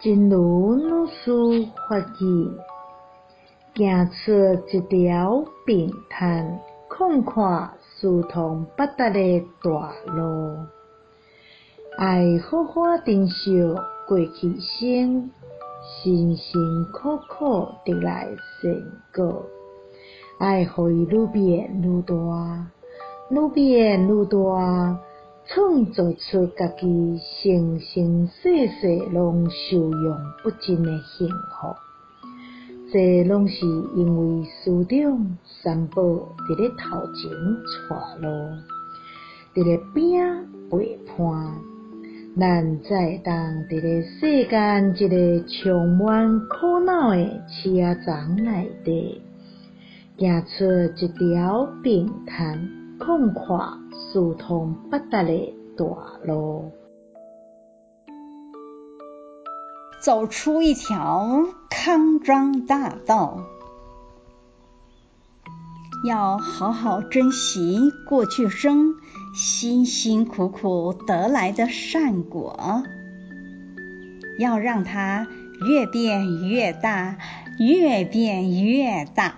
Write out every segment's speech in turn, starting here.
真如老師發心，行出一條平坦、寬闊、四通八達的大路。要好好珍惜過去生，辛辛苦苦得來的成果。要讓它愈變愈大，愈變愈大。創造出家己生生世世，攏受用不盡誒幸福，這攏是因為師長三寶佇咧頭前帶路，佇咧邊陪伴，咱才當佇咧世間一個充滿苦惱誒車長內底行出一條平坦空曠。走出一條康莊大道。要好好珍惜過去生辛辛苦苦得來的善果，要讓它越變越大，越變越大。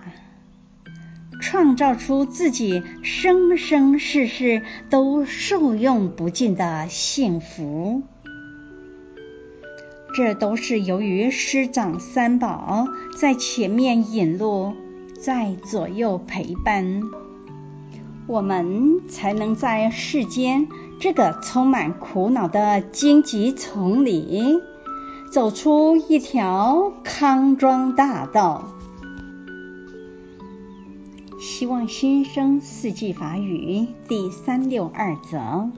創造出自己生生世世都受用不盡的幸福，這都是由於師長三寶在前面引路，在左右陪伴，我們才能在世間這個充滿苦惱的荊棘叢裡，走出一條康莊大道。希望新生四季法語第三六二則。